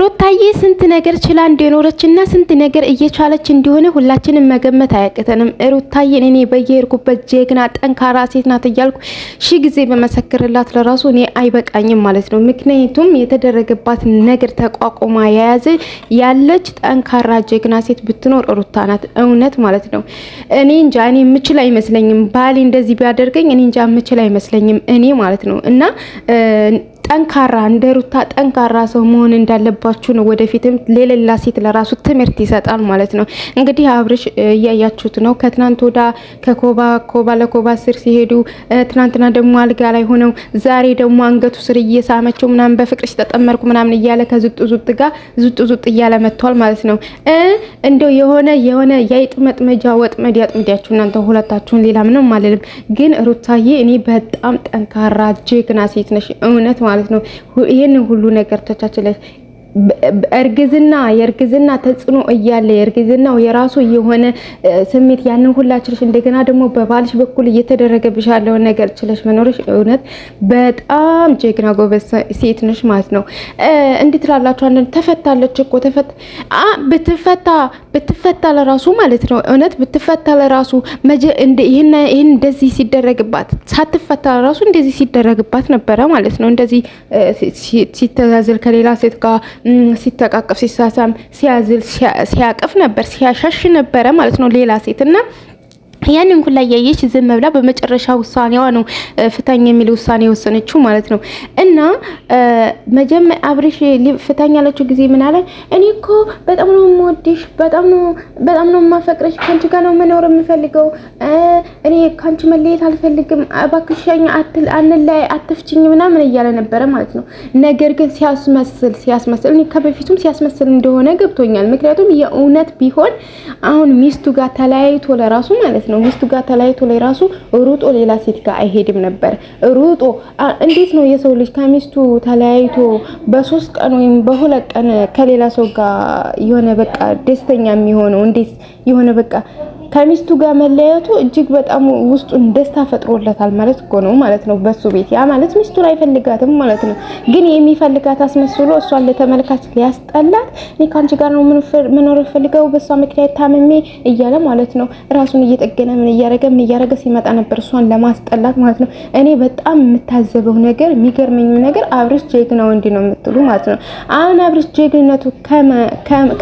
ሩታዬ ስንት ነገር ችላ እንደኖረችና ስንት ነገር እየቻለች እንደሆነ ሁላችንም መገመት አያቅተንም። ሩታዬን እኔ በየሄድኩበት ጀግና ጠንካራ ሴት ናት እያልኩ ሺ ጊዜ በመሰክርላት ለራሱ እኔ አይበቃኝም ማለት ነው። ምክንያቱም የተደረገባት ነገር ተቋቁማ የያዘ ያለች ጠንካራ ጀግና ሴት ብትኖር ሩታ ናት። እውነት ማለት ነው። እኔ እንጃ እኔ የምችል አይመስለኝም። ባሌ እንደዚህ ቢያደርገኝ እኔ እንጃ የምችል አይመስለኝም እኔ ማለት ነው እና ጠንካራ እንደ ሩታ ጠንካራ ሰው መሆን እንዳለባችሁ ነው። ወደፊትም ለሌላ ሴት ለራሱ ትምህርት ይሰጣል ማለት ነው። እንግዲህ አብርሽ እያያችሁት ነው። ከትናንት ወዳ ከኮባ ኮባ ለኮባ ስር ሲሄዱ ትናንትና ደግሞ አልጋ ላይ ሆነው ዛሬ ደግሞ አንገቱ ስር እየሳመችው ምናምን በፍቅር ተጠመርኩ ምናምን እያለ ከዝጡ ዙጥ ጋር ዝጡ ዙጥ እያለ መጥቷል ማለት ነው። እንደው የሆነ የሆነ የአይጥ መጥመጃ ወጥመድ ያጥምዳችሁ እናንተ ሁለታችሁን። ሌላ ምንም አልልም፣ ግን ሩታዬ እኔ በጣም ጠንካራ ጀግና ሴት ነሽ እውነት ማለት ማለት ነው። ይህንን ሁሉ ነገር ተቻችለሽ እርግዝና የእርግዝና ተጽዕኖ እያለ የእርግዝናው የራሱ የሆነ ስሜት ያንን ሁላ ችለሽ እንደገና ደግሞ በባልሽ በኩል እየተደረገብሽ ያለውን ነገር ችለሽ መኖርሽ እውነት በጣም ጀግና ጎበዝ ሴት ነሽ ማለት ነው። እንዲህ ትላላችሁ አንዳንድ ተፈታለች እኮ ብትፈታ ብትፈታ ለራሱ ማለት ነው እውነት ብትፈታ ለራሱ ይህን እንደዚህ ሲደረግባት ሳትፈታ ለራሱ እንደዚህ ሲደረግባት ነበረ ማለት ነው። እንደዚህ ሲተዛዘል ከሌላ ሴት ጋር ሲተቃቀፍ፣ ሲሳሳም፣ ሲያዝል፣ ሲያቅፍ ነበር ሲያሻሽ ነበረ ማለት ነው ሌላ ሴት እና ያንን ሁላ እያየች ዝም ብላ በመጨረሻ ውሳኔዋ ነው ፍታኝ የሚል ውሳኔ የወሰነችው ማለት ነው። እና መጀመ አብሬሽ ፍታኝ ያለችው ጊዜ ምን አለ? እኔ እኮ በጣም ነው የምወድሽ፣ በጣም ነው በጣም ነው የማፈቅረሽ፣ ካንቺ ጋር ነው መኖር የምፈልገው፣ እኔ ካንቺ መለየት አልፈልግም፣ እባክሽኝ አትል አንላይ አትፍችኝ ምናምን እያለ ነበረ ማለት ነው። ነገር ግን ሲያስመስል ሲያስመስል እኔ ከበፊቱም ሲያስመስል እንደሆነ ገብቶኛል። ምክንያቱም የእውነት ቢሆን አሁን ሚስቱ ጋር ተለያይቶ ለራሱ ማለት ነው ነው ሚስቱ ጋር ተለያይቶ ላይ ራሱ ሩጦ ሌላ ሴት ጋር አይሄድም ነበር። ሩጦ እንዴት ነው የሰው ልጅ ከሚስቱ ተለያይቶ በሶስት ቀን ወይም በሁለት ቀን ከሌላ ሰው ጋር የሆነ በቃ ደስተኛ የሚሆነው? እንዴት የሆነ በቃ ከሚስቱ ጋር መለያየቱ እጅግ በጣም ውስጡን ደስታ ፈጥሮለታል ማለት እኮ ነው ማለት ነው። በሱ ቤት ያ ማለት ሚስቱን አይፈልጋትም ማለት ነው። ግን የሚፈልጋት አስመስሎ እሷን ለተመልካች ሊያስጠላት እኔ ከአንቺ ጋር ነው መኖር ፈልገው በእሷ ምክንያት ታምሜ እያለ ማለት ነው። ራሱን እየጠገነ ምን እያደረገ ምን እያደረገ ሲመጣ ነበር እሷን ለማስጠላት ማለት ነው። እኔ በጣም የምታዘበው ነገር የሚገርመኝ ነገር አብርሽ ጀግና ወንድ ነው የምትሉ ማለት ነው። አሁን አብርሽ ጀግንነቱ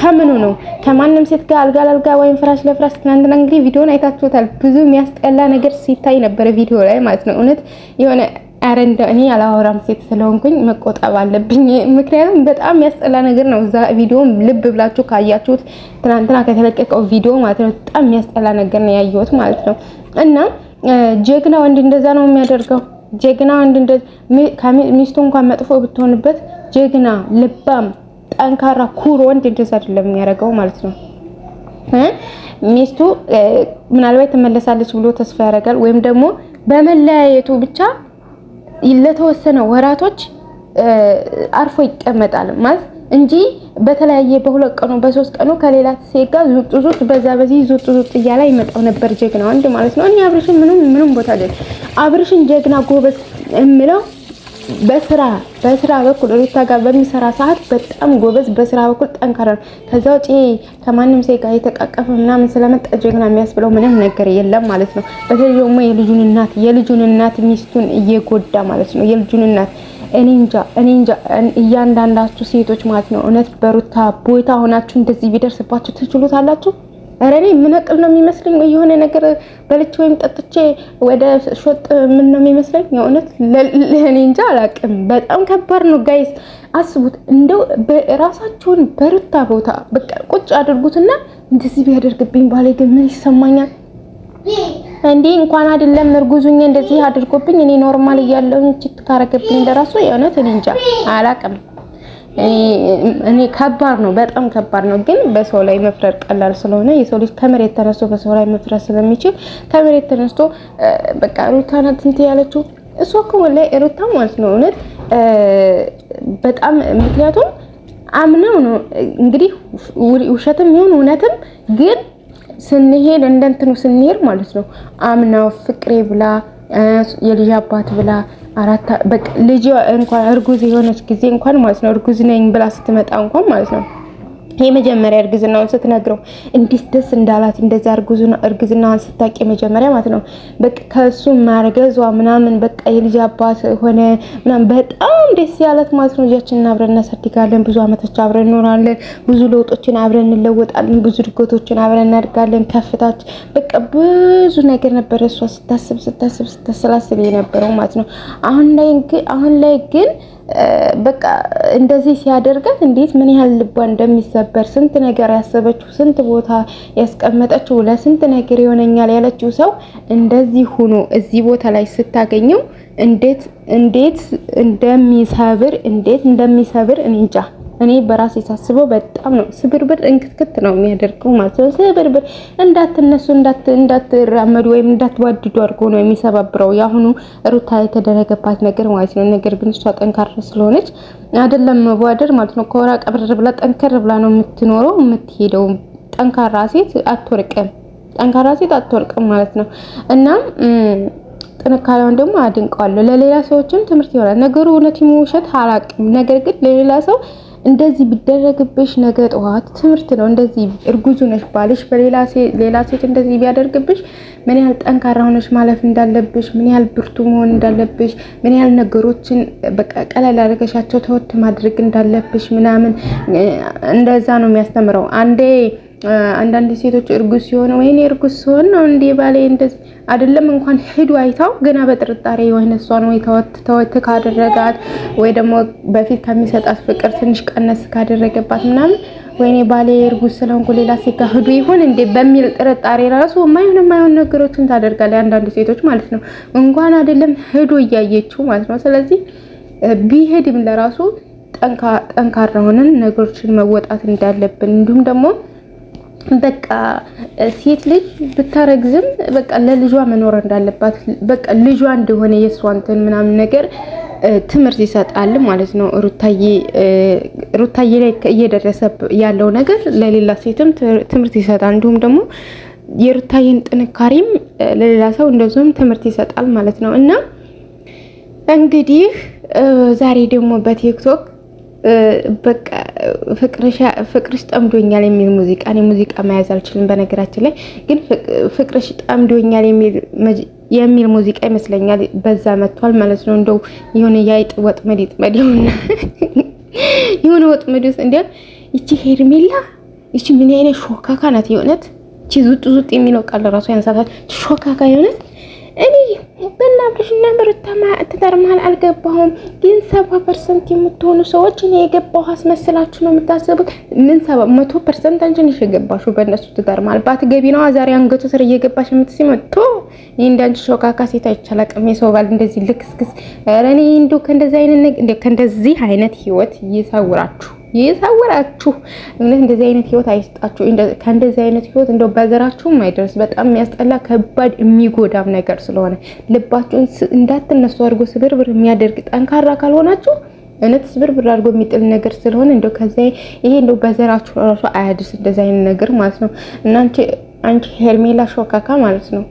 ከምኑ ነው? ከማንም ሴት ጋር አልጋ ላልጋ ወይም ፍራሽ ለፍራሽ ትናንትና እንግዲህ ቪዲዮን አይታችሁታል። ብዙ የሚያስጠላ ነገር ሲታይ ነበረ ቪዲዮ ላይ ማለት ነው። እውነት የሆነ አረንዳ እኔ ያላወራም ሴት ስለሆንኩኝ መቆጠብ አለብኝ። ምክንያቱም በጣም የሚያስጠላ ነገር ነው። እዛ ቪዲዮም ልብ ብላችሁ ካያችሁት ትናንትና ከተለቀቀው ቪዲዮ ማለት ነው በጣም የሚያስጠላ ነገር ነው ያየሁት ማለት ነው። እና ጀግና ወንድ እንደዛ ነው የሚያደርገው። ጀግና ወንድ ሚስቱ እንኳን መጥፎ ብትሆንበት ጀግና፣ ልባም፣ ጠንካራ፣ ኩር ወንድ እንደዛ አይደለም የሚያደርገው ማለት ነው። ሚስቱ ምናልባት ትመለሳለች ብሎ ተስፋ ያደርጋል። ወይም ደግሞ በመለያየቱ ብቻ ለተወሰነ ወራቶች አርፎ ይቀመጣል ማለት እንጂ በተለያየ በሁለት ቀኑ በሶስት ቀኑ ከሌላ ሴት ጋር ዙጥ ዙጥ በዛ በዚህ ዙጥ ዙጥ እያለ ይመጣው ነበር። ጀግና ወንድ ማለት ነው። እኔ አብርሽን ምንም ምንም ቦታ አይደል አብርሽን ጀግና ጎበዝ እምለው በስራ በስራ በኩል ሩታ ጋር በሚሰራ ሰዓት በጣም ጎበዝ፣ በስራ በኩል ጠንካራ ነው። ከዛ ውጪ ከማንም ሴ ጋር የተቃቀፈ ምናምን ስለመጣ ጀግና የሚያስብለው ምንም ነገር የለም ማለት ነው። በተለይ ደግሞ የልጁን እናት የልጁን እናት ሚስቱን እየጎዳ ማለት ነው። የልጁን እናት እኔ እንጃ እኔ እንጃ። እያንዳንዳችሁ ሴቶች ማለት ነው እውነት በሩታ ቦታ ሆናችሁ እንደዚህ ቢደርስባችሁ ትችሉታላችሁ? ኧረ እኔ የምነቅል ነው የሚመስለኝ ወይ የሆነ ነገር በልቼ ወይም ጠጥቼ ወደ ሾጥ ምን ነው የሚመስለኝ። የእውነት እኔ እንጃ አላውቅም። በጣም ከባድ ነው ጋይስ። አስቡት እንደው ራሳችሁን በርታ ቦታ በቃ ቁጭ አድርጉትና እንደዚህ ቢያደርግብኝ ባሌ ግን ምን ይሰማኛል እንዴ? እንኳን አይደለም እርጉዙኝ እንደዚህ አድርጎብኝ እኔ ኖርማል እያለሁ ችት ካረገብኝ ለራሱ የእውነት እኔ እንጃ አላውቅም። እኔ ከባድ ነው፣ በጣም ከባድ ነው። ግን በሰው ላይ መፍረድ ቀላል ስለሆነ የሰው ልጅ ከመሬት ተነስቶ በሰው ላይ መፍረድ ስለሚችል ከመሬት ተነስቶ በቃ ሩታ ናት እንትን ያለችው እሷ እኮ ወላሂ ሩታ ማለት ነው እውነት በጣም ምክንያቱም አምነው ነው እንግዲህ ውሸትም ይሁን እውነትም ግን ስንሄድ እንደንትኑ ስንሄድ ማለት ነው አምናው ፍቅሬ ብላ የልጅ አባት ብላ አራት በቃ ልጅ እንኳን እርጉዝ የሆነች ጊዜ እንኳን ማለት ነው እርጉዝ ነኝ ብላ ስትመጣ እንኳን ማለት ነው የመጀመሪያ እርግዝናውን ስትነግረው እንዴት ደስ እንዳላት እንደዛ እርግዝናዋን ስታውቅ የመጀመሪያ ማለት ነው። በቃ ከሱ ማርገዟ ምናምን በቃ የልጅ አባት ሆነ ምናምን በጣም ደስ ያላት ማለት ነው። ልጃችንን አብረን እናሳድጋለን፣ ብዙ አመቶች አብረን እንኖራለን፣ ብዙ ለውጦችን አብረን እንለወጣለን፣ ብዙ እድገቶችን አብረን እናድጋለን። ከፍታች በቃ ብዙ ነገር ነበረ እሷ ስታስብ ስታስብ ስታሰላስብ የነበረው ማለት ነው። አሁን ላይ ግን በቃ እንደዚህ ሲያደርጋት እንዴት ምን ያህል ልቧ እንደሚሰበር ስንት ነገር ያሰበችው ስንት ቦታ ያስቀመጠችው ለስንት ነገር ይሆነኛል ያለችው ሰው እንደዚህ ሆኖ እዚህ ቦታ ላይ ስታገኘው እንዴት እንዴት እንደሚሰብር እንዴት እንደሚሰብር እንጃ። እኔ በራሴ ሳስበው በጣም ነው ስብርብር እንክትክት ነው የሚያደርገው ማለት ነው። ስብርብር እንዳትነሱ እንዳትራመዱ ወይም እንዳትዋድዱ አድርጎ ነው የሚሰባብረው የአሁኑ ሩታ የተደረገባት ነገር ማለት ነው። ነገር ግን እሷ ጠንካራ ስለሆነች አይደለም መዋደድ ማለት ነው። ከወራ ቀብር ብላ ጠንከር ብላ ነው የምትኖረው የምትሄደው። ጠንካራ ሴት አትወርቅም፣ ጠንካራ ሴት አትወርቅም ማለት ነው እና ጥንካሬውን ደግሞ አድንቀዋለሁ። ለሌላ ሰዎችም ትምህርት ይሆናል ነገሩ። እውነት ውሸት አላውቅም፣ ነገር ግን ለሌላ ሰው እንደዚህ ቢደረግብሽ ነገ ጠዋት ትምህርት ነው። እንደዚህ እርጉዙ ነሽ ባልሽ በሌላ ሴት እንደዚህ ቢያደርግብሽ ምን ያህል ጠንካራ ሆነሽ ማለፍ እንዳለብሽ፣ ምን ያህል ብርቱ መሆን እንዳለብሽ፣ ምን ያህል ነገሮችን በቃ ቀለል አድርገሻቸው ተወት ማድረግ እንዳለብሽ ምናምን እንደዛ ነው የሚያስተምረው አንዴ አንዳንድ ሴቶች እርጉዝ ሲሆን ወይኔ እርጉዝ ሲሆን ነው እንዴ ባሌ እንደዚህ አይደለም እንኳን ሄዱ አይታው ገና በጥርጣሬ የሆነ እሷን ወይ ተወት ካደረጋት ወይ ደግሞ በፊት ከሚሰጣት ፍቅር ትንሽ ቀነስ ካደረገባት ምናምን ወይኔ ባሌ እርጉዝ ስለሆንኩ ሌላ ሴት ጋር ሄዱ ይሆን እንዴ በሚል ጥርጣሬ ራሱ የማይሆን የማይሆን ነገሮችን ታደርጋለች። አንዳንድ ሴቶች ማለት ነው እንኳን አይደለም ሄዶ እያየችው ማለት ነው። ስለዚህ ቢሄድም ለራሱ ጠንካራ ሆነን ነገሮችን መወጣት እንዳለብን እንዲሁም ደግሞ በቃ ሴት ልጅ ብታረግዝም በቃ ለልጇ መኖር እንዳለባት በቃ ልጇ እንደሆነ የእሷ እንትን ምናምን ነገር ትምህርት ይሰጣል ማለት ነው። ሩታዬ ላይ እየደረሰ ያለው ነገር ለሌላ ሴትም ትምህርት ይሰጣል። እንዲሁም ደግሞ የሩታዬን ጥንካሬም ለሌላ ሰው እንደዚሁም ትምህርት ይሰጣል ማለት ነው እና እንግዲህ ዛሬ ደግሞ በቲክቶክ በቃ ፍቅርሽ ጠምዶኛል የሚል ሙዚቃ እኔ ሙዚቃ መያዝ አልችልም በነገራችን ላይ ግን ፍቅርሽ ጠምዶኛል የሚል ሙዚቃ ይመስለኛል በዛ መጥቷል ማለት ነው። እንደው የሆነ የአይጥ ወጥመድ ይጥመድ የሆነ ወጥመድ ውስጥ እንዲያም ይቺ ሄርሜላ ይቺ ምን አይነት ሾካካ ናት የሆነት ይቺ ዙጥ ዙጥ የሚለው ቃል ራሱ ያንሳታል ሾካካ የሆነት እኔ በአብርሽና በሩታ ትዳር መሀል አልገባሁም፣ ግን ሰባ ፐርሰንት የምትሆኑ ሰዎች እኔ የገባሁ አስመስላችሁ ነው የምታስቡት። ምን ሰባ መቶ ፐርሰንት አንቺ ነሽ የገባሽው በእነሱ ትዳር መሀል ባትገቢ ነው ዛሬ አንገቱ ስር እየገባሽ የምትሲመቶ እኔ እንዳንቺ ሾካካ ሴት አይቻላቅም። የሰው ባል እንደዚህ ልክስክስ። ኧረ እኔ እንደው ከእንደዚህ አይነት ህይወት ይሰውራችሁ። ይሰውራችሁ። እንግዲህ እንደዚህ አይነት ህይወት አይስጣችሁ። ከእንደዚህ አይነት ህይወት እንደው በዘራችሁ አይደርስ። በጣም የሚያስጠላ ከባድ የሚጎዳም ነገር ስለሆነ ልባችሁን እንዳትነሱ አድርጎ ስብርብር የሚያደርግ ጠንካራ ካልሆናችሁ እውነት ስብርብር አድርጎ የሚጥል ነገር ስለሆነ እንደው ከዛ ይሄ እንደው በዘራችሁ ራሱ አያድርስ እንደዚህ አይነት ነገር ማለት ነው። እናንቺ አንቺ ሄርሜላ ሾካካ ማለት ነው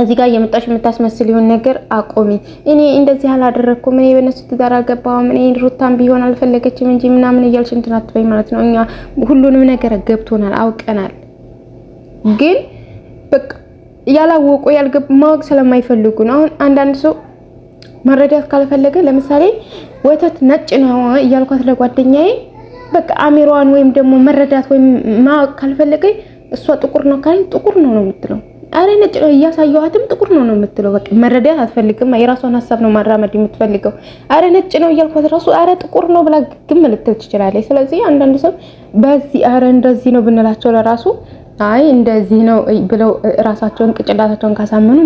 እዚህ ጋር የመጣሽ የምታስመስል ይሁን ነገር አቆሚ። እኔ እንደዚህ አላደረኩም፣ እኔ በእነሱ ትዳር አልገባሁም፣ እኔ ሩታም ቢሆን አልፈለገችም እንጂ ምናምን እያልሽ እንትን አትበይ ማለት ነው። እኛ ሁሉንም ነገር ገብቶናል፣ አውቀናል። ግን በቃ ያላወቁ ያልገብ ማወቅ ስለማይፈልጉ ነው። አሁን አንዳንድ ሰው መረዳት ካልፈለገ ለምሳሌ ወተት ነጭ ነው እያልኳት ለጓደኛዬ በቃ አሚሯን ወይም ደግሞ መረዳት ወይም ማወቅ ካልፈለገ እሷ ጥቁር ነው ካለኝ ጥቁር ነው ነው የምትለው አረ ነጭ ነው እያሳየኋትም ጥቁር ነው ነው የምትለው። በቃ መረዳት አትፈልግም። የራሷን ሀሳብ ነው ማራመድ የምትፈልገው። አረ ነጭ ነው እያልኳት ራሱ አረ ጥቁር ነው ብላ ግም ልትል ትችላለች። ስለዚህ አንዳንድ ሰው በዚህ አረ እንደዚህ ነው ብንላቸው ለራሱ አይ እንደዚህ ነው ብለው ራሳቸውን ቅጭላታቸውን ካሳመኑ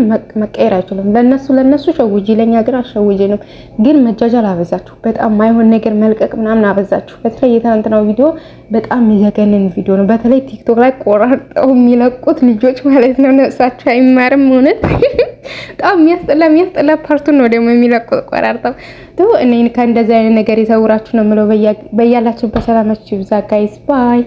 መቀየር አይችሉም። ለነሱ ለነሱ ሸውጂ፣ ለእኛ ግን አሸውጂ ነው። ግን መጃጃል አበዛችሁ፣ በጣም ማይሆን ነገር መልቀቅ ምናምን አበዛችሁ። በተለይ የትናንትናው ቪዲዮ በጣም የዘገንን ቪዲዮ ነው። በተለይ ቲክቶክ ላይ ቆራርጠው የሚለቁት ልጆች ማለት ነው። ነፍሳቸው አይማርም። እውነት በጣም የሚያስጠላ የሚያስጠላ ፓርቱን ነው ደግሞ የሚለቁት ቆራርጠው። እኔ ከእንደዚህ አይነት ነገር የሰውራችሁ ነው የምለው። በያላችሁበት ሰላማችሁ ይብዛ ጋይስ ባይ